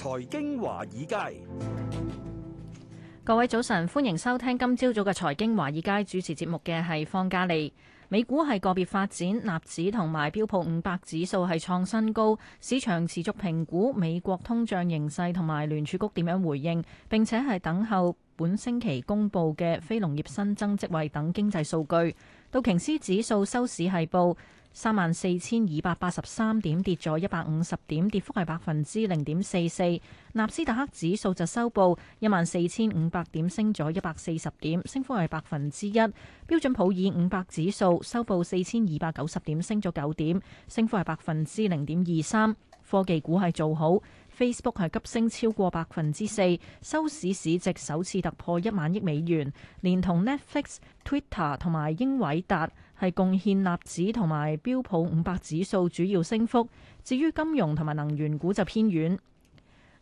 財經華爾街，各位早晨，歡迎收聽今朝早嘅財經華爾街主持節目嘅係方嘉利。美股係個別發展，納指同埋標普五百指數係創新高。市場持續評估美國通脹形勢同埋聯儲局點樣回應，並且係等候本星期公布嘅非農業新增職位等經濟數據。道瓊斯指數收市係報，三萬四千二百八十三點，跌咗一百五十點，跌幅係百分之零點四四。納斯達克指數就收報一萬四千五百點，升咗一百四十點，升幅係百分之一。標準普爾五百指數收報四千二百九十點，升咗九點，升幅係百分之零點二三。科技股係做好，Facebook 係急升超過百分之四，收市市值首次突破一萬億美元，連同 Netflix、Twitter 同埋英偉達。係貢獻納指同埋標普五百指數主要升幅，至於金融同埋能源股就偏軟。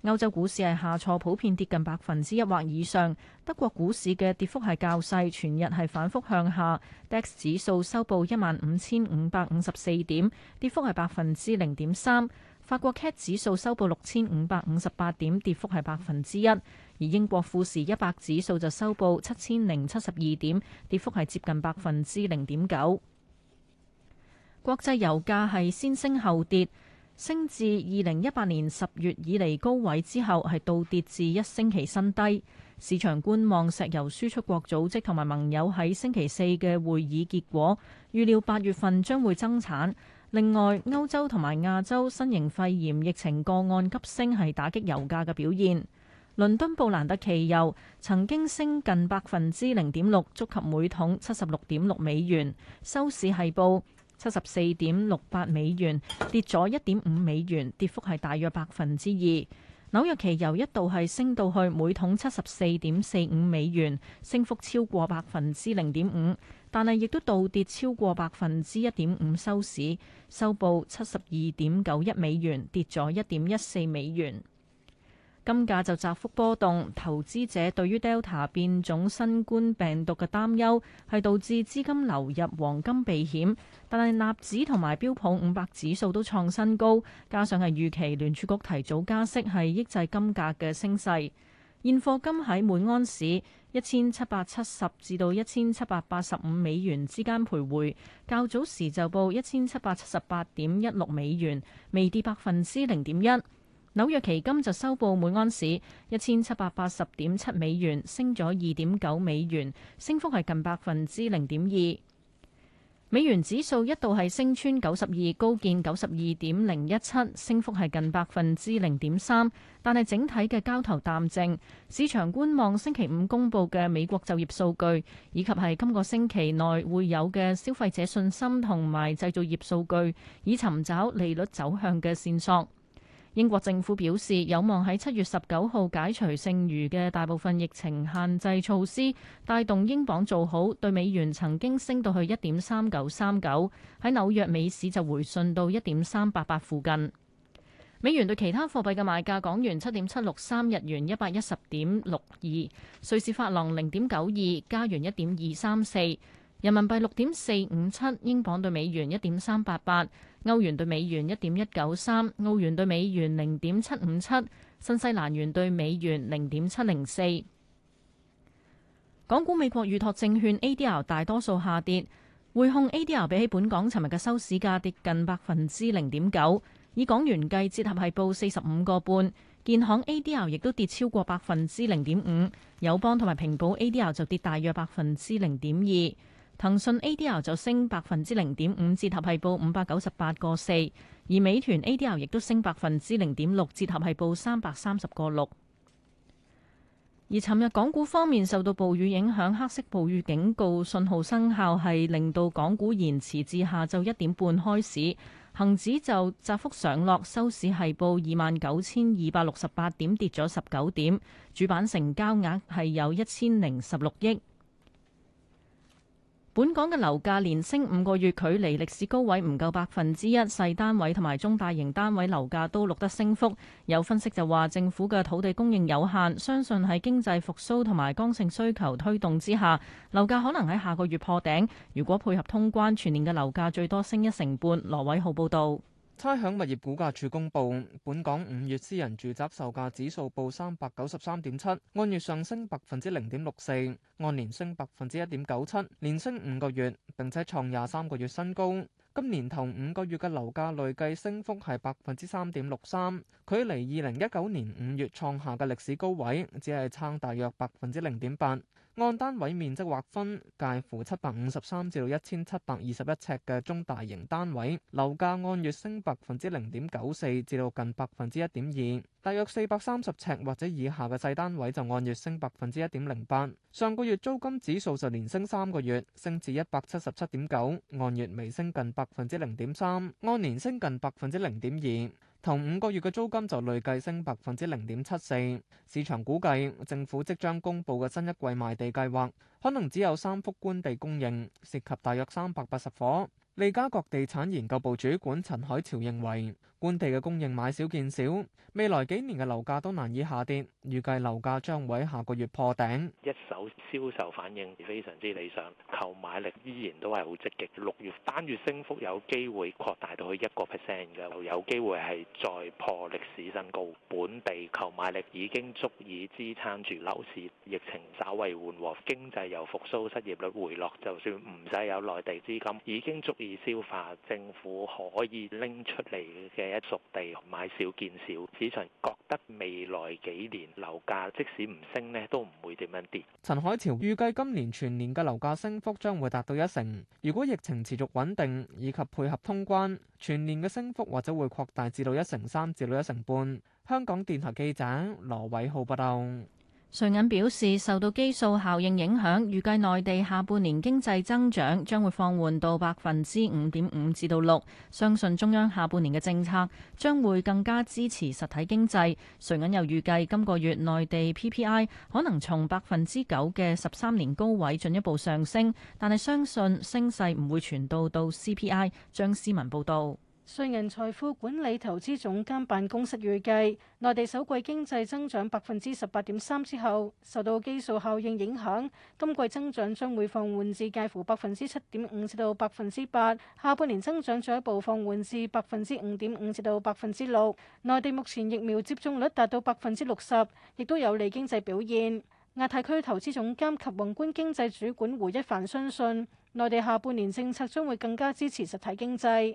歐洲股市係下挫，普遍跌近百分之一或以上。德國股市嘅跌幅係較細，全日係反覆向下。DAX 指數收報一萬五千五百五十四點，跌幅係百分之零點三。法國 CAC 指數收報六千五百五十八點，跌幅係百分之一。而英國富時一百指數就收報七千零七十二點，跌幅係接近百分之零點九。國際油價係先升後跌，升至二零一八年十月以嚟高位之後，係倒跌至一星期新低。市場觀望石油輸出國組織同埋盟友喺星期四嘅會議結果，預料八月份將會增產。另外，歐洲同埋亞洲新型肺炎疫情個案急升，係打擊油價嘅表現。倫敦布蘭特期油曾經升近百分之零點六，觸及每桶七十六點六美元，收市係報七十四點六八美元，跌咗一點五美元，跌幅係大約百分之二。紐約期油一度係升到去每桶七十四點四五美元，升幅超過百分之零點五，但係亦都倒跌超過百分之一點五，收市收報七十二點九一美元，跌咗一點一四美元。金價就窄幅波動，投資者對於 Delta 變種新冠病毒嘅擔憂係導致資金流入黃金避險，但係納指同埋標普五百指數都創新高，加上係預期聯儲局提早加息係抑制金價嘅升勢。現貨金喺每安士一千七百七十至到一千七百八十五美元之間徘徊，較早時就報一千七百七十八點一六美元，微跌百分之零點一。紐約期金就收報每安士一千七百八十點七美元，升咗二點九美元，升幅係近百分之零點二。美元指數一度係升穿九十二，高見九十二點零一七，升幅係近百分之零點三。但係整體嘅交投淡靜，市場觀望星期五公佈嘅美國就業數據，以及係今個星期內會有嘅消費者信心同埋製造業數據，以尋找利率走向嘅線索。英國政府表示有望喺七月十九號解除剩餘嘅大部分疫情限制措施，帶動英鎊做好。對美元曾經升到去一點三九三九，喺紐約美市就回信到一點三八八附近。美元對其他貨幣嘅賣價：港元七點七六三，日元一百一十點六二，瑞士法郎零點九二，加元一點二三四，人民幣六點四五七，英鎊對美元一點三八八。歐元對美元一點一九三，澳元對美元零點七五七，新西蘭元對美元零點七零四。港股美國預託證券 ADR 大多數下跌。匯控 ADR 比起本港尋日嘅收市價跌近百分之零點九，以港元計折合係報四十五個半。建行 ADR 亦都跌超過百分之零點五，友邦同埋平保 ADR 就跌大約百分之零點二。騰訊 ADR 就升百分之零點五，折合係報五百九十八個四；而美團 ADR 亦都升百分之零點六，折合係報三百三十個六。而尋日港股方面受到暴雨影響，黑色暴雨警告信號生效係令到港股延遲至下晝一點半開始。恒指就窄幅上落，收市係報二萬九千二百六十八點，跌咗十九點。主板成交額係有一千零十六億。本港嘅樓價連升五個月，距離歷史高位唔夠百分之一。細單位同埋中大型單位樓價都錄得升幅。有分析就話，政府嘅土地供應有限，相信喺經濟復甦同埋剛性需求推動之下，樓價可能喺下個月破頂。如果配合通關，全年嘅樓價最多升一成半。羅偉浩報導。差餉物業估價處公布，本港五月私人住宅售價指數報三百九十三點七，按月上升百分之零點六四，按年升百分之一點九七，連升五個月，並且創廿三個月新高。今年頭五個月嘅樓價累計升幅係百分之三點六三，距離二零一九年五月創下嘅歷史高位，只係差大約百分之零點八。按單位面積劃分，介乎七百五十三至到一千七百二十一尺嘅中大型單位樓價按月升百分之零點九四至到近百分之一點二，大約四百三十尺或者以下嘅細單位就按月升百分之一點零八。上個月租金指數就連升三個月，升至一百七十七點九，按月微升近百分之零點三，按年升近百分之零點二。同五個月嘅租金就累計升百分之零點七四。市場估計政府即將公佈嘅新一季賣地計劃，可能只有三幅官地供應，涉及大約三百八十伙。利嘉閣地產研究部主管陳海潮認為。官地嘅供應買少見少，未來幾年嘅樓價都難以下跌，預計樓價將會喺下個月破頂。一手銷售反應非常之理想，購買力依然都係好積極。六月單月升幅有機會擴大到去一個 percent 嘅，有機會係再破歷史新高。本地購買力已經足以支撐住樓市，疫情稍為緩和，經濟又復甦，失業率回落，就算唔使有內地資金，已經足以消化政府可以拎出嚟嘅。一熟地，買少見少。市場覺得未來幾年樓價即使唔升呢都唔會點樣跌。陳海潮預計今年全年嘅樓價升幅將會達到一成。如果疫情持續穩定以及配合通關，全年嘅升幅或者會擴大至到一成三至到一成半。香港電台記者羅偉浩報道。瑞銀表示，受到基數效應影響，預計內地下半年經濟增長將會放緩到百分之五點五至到六。相信中央下半年嘅政策將會更加支持實體經濟。瑞銀又預計今個月內地 PPI 可能從百分之九嘅十三年高位進一步上升，但係相信升勢唔會傳導到 CPI。張思文報道。瑞銀財富管理投資總監辦公室預計，內地首季經濟增長百分之十八點三之後，受到基數效應影響，今季增長將會放緩至介乎百分之七點五至到百分之八。下半年增長進一步放緩至百分之五點五至到百分之六。內地目前疫苗接種率達到百分之六十，亦都有利經濟表現。亞太區投資總監及宏觀經濟主管胡一帆相信，內地下半年政策將會更加支持實體經濟。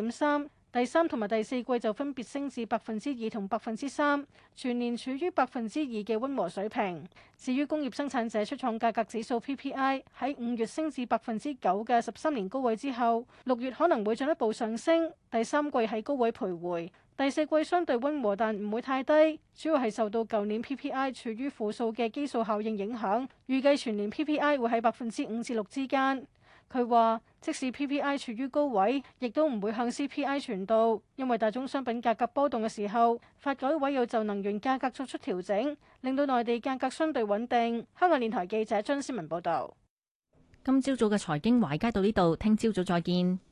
點三，第三同埋第四季就分別升至百分之二同百分之三，全年處於百分之二嘅温和水平。至於工業生產者出廠價格指數 PPI 喺五月升至百分之九嘅十三年高位之後，六月可能會進一步上升，第三季喺高位徘徊，第四季相對温和但唔會太低，主要係受到舊年 PPI 處於負數嘅基數效應影響，預計全年 PPI 會喺百分之五至六之間。佢話：即使 PPI 處於高位，亦都唔會向 CPI 傳導，因為大宗商品價格波動嘅時候，發改委有就能源價格作出調整，令到內地價格相對穩定。香港電台記者張思文報道。今朝早嘅財經華爾街到呢度，聽朝早再見。